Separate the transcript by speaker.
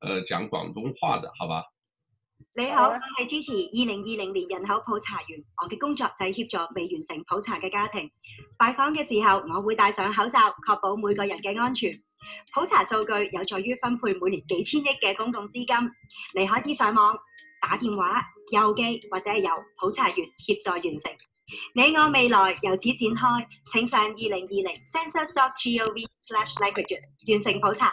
Speaker 1: 誒、呃，講廣東話的，好吧？
Speaker 2: 你好，我係支持二零二零年人口普查員。我嘅工作就係協助未完成普查嘅家庭。拜訪嘅時候，我會戴上口罩，確保每個人嘅安全。普查數據有助於分配每年幾千億嘅公共資金。你可以上網、打電話、郵寄或者由普查員協助完成。你我未來由此展開，請上二零二零 census.gov/languages 完成普查。